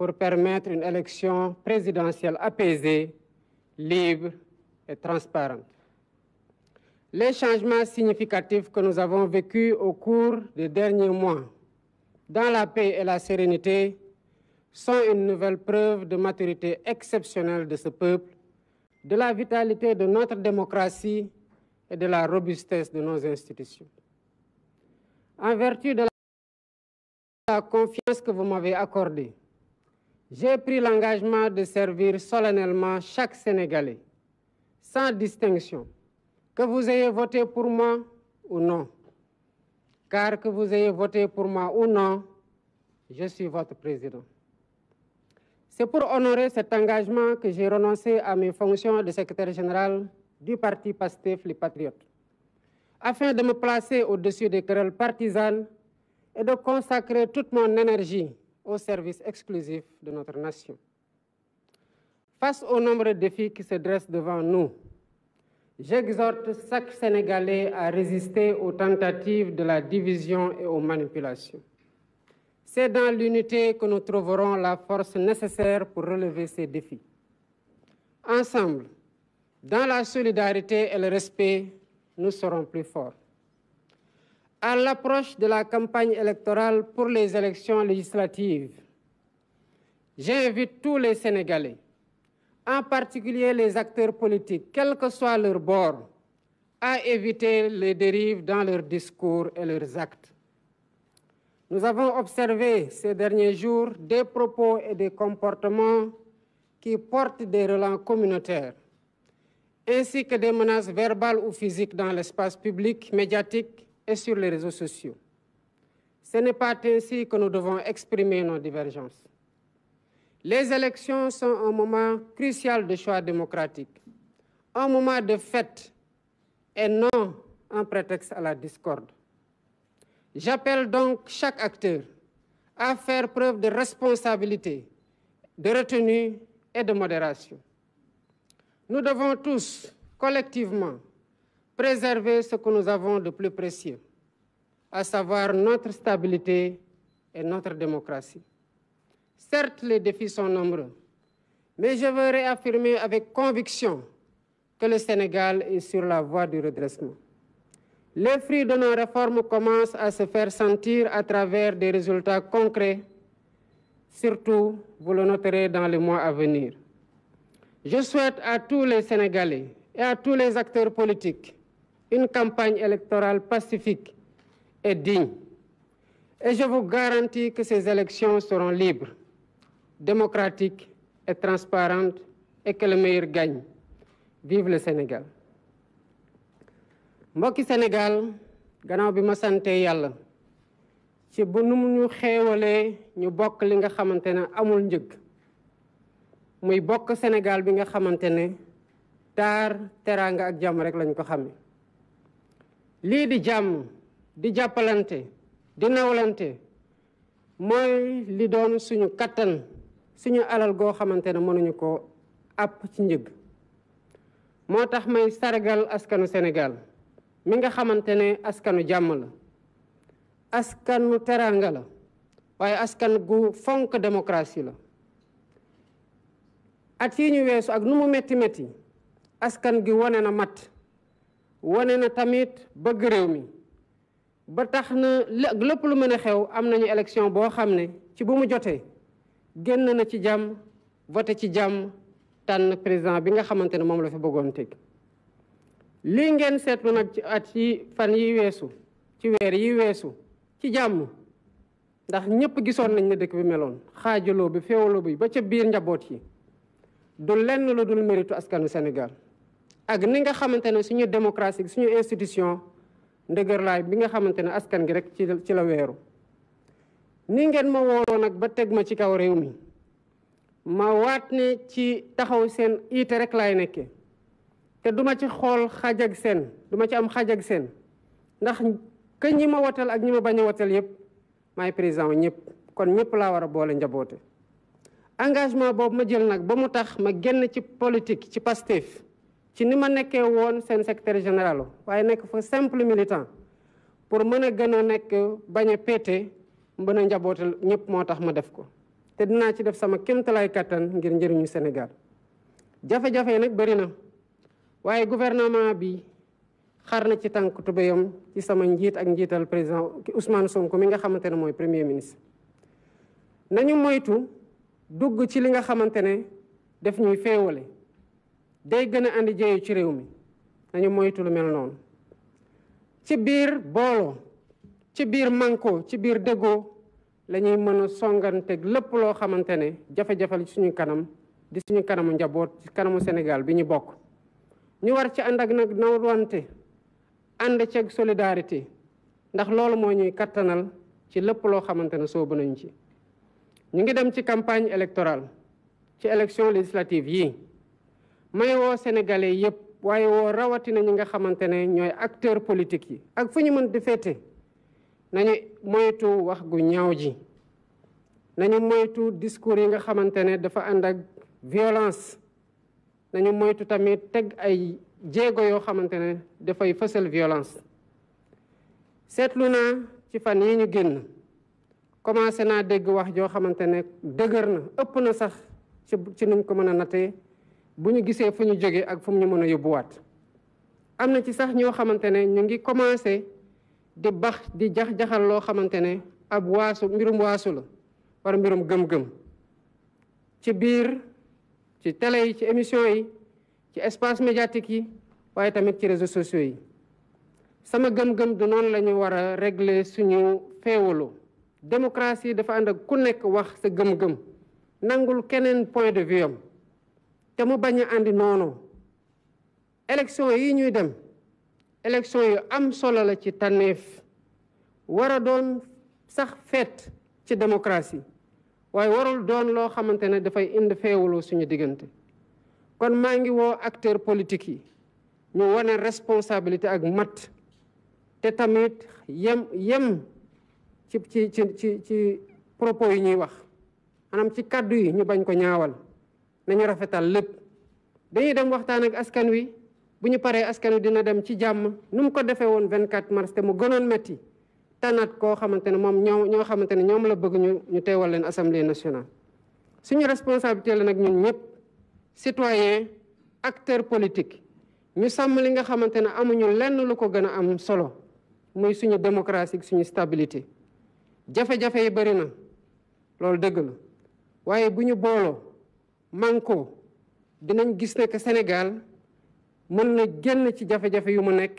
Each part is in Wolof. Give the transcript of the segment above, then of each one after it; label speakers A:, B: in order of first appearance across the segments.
A: pour permettre une élection présidentielle apaisée, libre et transparente. Les changements significatifs que nous avons vécus au cours des derniers mois dans la paix et la sérénité sont une nouvelle preuve de maturité exceptionnelle de ce peuple, de la vitalité de notre démocratie et de la robustesse de nos institutions. En vertu de la confiance que vous m'avez accordée, j'ai pris l'engagement de servir solennellement chaque Sénégalais, sans distinction, que vous ayez voté pour moi ou non. Car que vous ayez voté pour moi ou non, je suis votre président. C'est pour honorer cet engagement que j'ai renoncé à mes fonctions de secrétaire général du parti PASTEF Les Patriotes, afin de me placer au-dessus des querelles partisanes et de consacrer toute mon énergie au service exclusif de notre nation. Face au nombre de défis qui se dressent devant nous, j'exhorte chaque Sénégalais à résister aux tentatives de la division et aux manipulations. C'est dans l'unité que nous trouverons la force nécessaire pour relever ces défis. Ensemble, dans la solidarité et le respect, nous serons plus forts. à l'approche de la campagne électorale pour les élections législatives. J'invite tous les Sénégalais, en particulier les acteurs politiques, quel que soit leur bord, à éviter les dérives dans leurs discours et leurs actes. Nous avons observé ces derniers jours des propos et des comportements qui portent des relents communautaires, ainsi que des menaces verbales ou physiques dans l'espace public, médiatique et sur les réseaux sociaux. Ce n'est pas ainsi que nous devons exprimer nos divergences. Les élections sont un moment crucial de choix démocratique, un moment de fête et non un prétexte à la discorde. J'appelle donc chaque acteur à faire preuve de responsabilité, de retenue et de modération. Nous devons tous, collectivement, préserver ce que nous avons de plus précieux, à savoir notre stabilité et notre démocratie. Certes, les défis sont nombreux, mais je veux réaffirmer avec conviction que le Sénégal est sur la voie du redressement. Les fruits de nos réformes commencent à se faire sentir à travers des résultats concrets, surtout, vous le noterez, dans les mois à venir. Je souhaite à tous les Sénégalais et à tous les acteurs politiques une campagne électorale pacifique et digne. Et je vous garantis que ces élections seront libres, démocratiques et transparentes et que le meilleur gagne. Vive le Sénégal. mbokki Sénégal gannaaw bi ma sante yàlla ci bu nu ñu xéewalee ñu bokk li nga xamante ne amul njëg muy bokk Sénégal bi nga xamante ne taar teraanga ak jàmm rek lañu ko xame lii di jàmm di jàppalante di nawlante mooy li doon suñu kàttan suñu alal goo xamante ne mënuñu ko àpp ci njëg moo tax may sargal askanu Sénégal mi nga xamante ne askanu jàmm la askanu teranga la waaye askan gu fonk démocratie la at yi ñu weesu ak nu mu metti metti askan gi wone na mat wane na tamit bëgg réew mi ba tax na lëpp lu mën a xew am nañu élection boo xam ne ci bu mu jotee génn na ci jàmm voté ci jàmm tànn président bi nga xamante ne moom la fi bëggoon teg lii ngeen seetlu nag ci at yi fan yi weesu ci weer yi weesu ci jàmm ndax ñëpp gisoon nañ ne dëkk bi meloon xaajaloo bi féewaloo bi ba ca biir njaboot yi du lenn lu dul méritu askanu Sénégal ak ni nga xamante ne suñu démocratie suñu institution ndëgërlaay bi nga xamante ne askan gi rek ci ci la weeru ni ngeen ma wooloo nag ba teg ma ci kaw réew mi ma waat ne ci taxaw seen iite rek laay nekke te duma ci xool xaj ak seen duma ci am xajag seen ndax ka ñi ma watal ak ñi ma bañ woteel watal yëpp maay président ñëpp kon ñëpp laa war a boole njaboote engagement boobu ma jël nag ba mu tax ma génn ci politique ci Pastef ci ni ma nekkee woon seen secrétaire général waaye nekk fa simple militant pour mën a gën a nekk bañ a péete mën a njabootal ñëpp moo tax ma def ko te dinaa ci def sama kéemtalaay kattan ngir njëriñu Sénégal jafe-jafe nag bëri na waaye gouvernement bi xar na ci tànk tubéyam ci sama njiit ak njiital président Ousmane Sonko mi nga xamante ne mooy premier ministre nañu moytu dugg ci li nga xamante ne def ñuy féewale day gën a andi jéeyu ci réew mi nañu moytu lu mel noonu ci biir booloo ci biir manko ci biir déggoo la ñuy mën a songanteeg lépp loo xamante ne jafe-jafe la suñu kanam di suñu kanamu njaboot ci kanamu Sénégal bi ñu bokk ñu war ci ànd ak nag nawante ànd ceeg solidarité ndax loolu moo ñuy kattanal ci lëpp loo xamante ne soobu nañ ci ñu ngi dem ci campagne électorale ci élection législative yii may woo sénégalais yëpp waaye woo rawatina ñi nga xamante ne ñooy acteur politique yi ak fu ñu mën di féete nañu moytu wax gu ñaaw ji nañu moytu discours yi nga xamante ne dafa ànd ak violence nañu moytu tamit teg ay jéego yoo xamante ne dafay fësal violence seetlu naa ci fan yi ñu génn commencé naa dégg wax joo xamante ne dëgër na ëpp na sax ci ci nuñ ko mën a nattee bu ñu gisee fu ñu jógee ak fu ñu mën a yóbbuwaat am na ci sax ñoo xamante ne ñu ngi commencé di bax di jax-jaxal loo xamante ne ab waasu mbirum waasu la war mbirum gëm-gëm ci biir ci télé yi ci émission yi ci espace médiatique yi waaye tamit ci réseaux sociaux yi sama gëm-gëm du noonu lañu ñu war a régler suñu féewaloo démocratie dafa ànd ak ku nekk wax sa gëm-gëm nangul keneen point de vue am te mu bañ a andi noonu élection yi ñuy dem élection yu am solo la ci tànneef war a doon sax feet ci démocratie waaye warul doon loo xamante ne dafay indi feewuloo suñu diggante kon maa ngi woo acteur politique yi ñu wane responsabilité ak mat te tamit yem yem ci ci ci ci ci propos yi ñuy wax maanaam ci kaddu yi ñu bañ ko ñaawal nañu rafetal lépp dañuy dem waxtaan ak askan wi bu ñu paree askan wi dina dem ci jàmm nu mu ko defee woon 24 mars te mu gënoon métti tànnaat koo xamante ne moom ñoo ñoo xamante ne ñoom la bëgg ñu ñu teewal leen assemblée national suñu responsabilité la nag ñun ñëpp citoyen acteur politique ñu sàmm li nga xamante ne amuñu lenn lu ko gën a am solo muy suñu démocratie suñu stabilité jafe-jafe yi bëri na loolu dëgg la waaye bu ñu booloo. manko dinañ gis ne que Sénégal mën na génn ci jafe-jafe yu mu nekk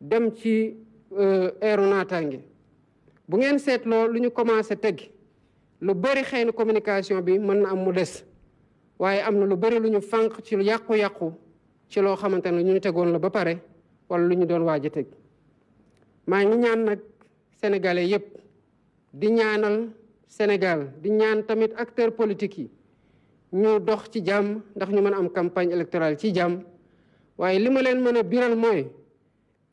A: dem ci eeru euh, naataange bu ngeen seetloo lu ñu commencé teg lu bëri xëy na communication bi mën na am mu des waaye am na lu bëri lu ñu fànq ci lu yàqu-yàqu ci loo xamante ne ñu tegoon la ba pare wala lu ñu doon waaj a teg maa ngi ñaan nag sénégalais yépp di ñaanal Sénégal di ñaan tamit acteurs politiques yi ñu dox ci jàmm ndax ñu mën a am campagne électorale ci jàmm waaye li ma leen mën a biral mooy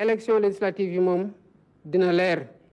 A: élection législative yi moom dina leer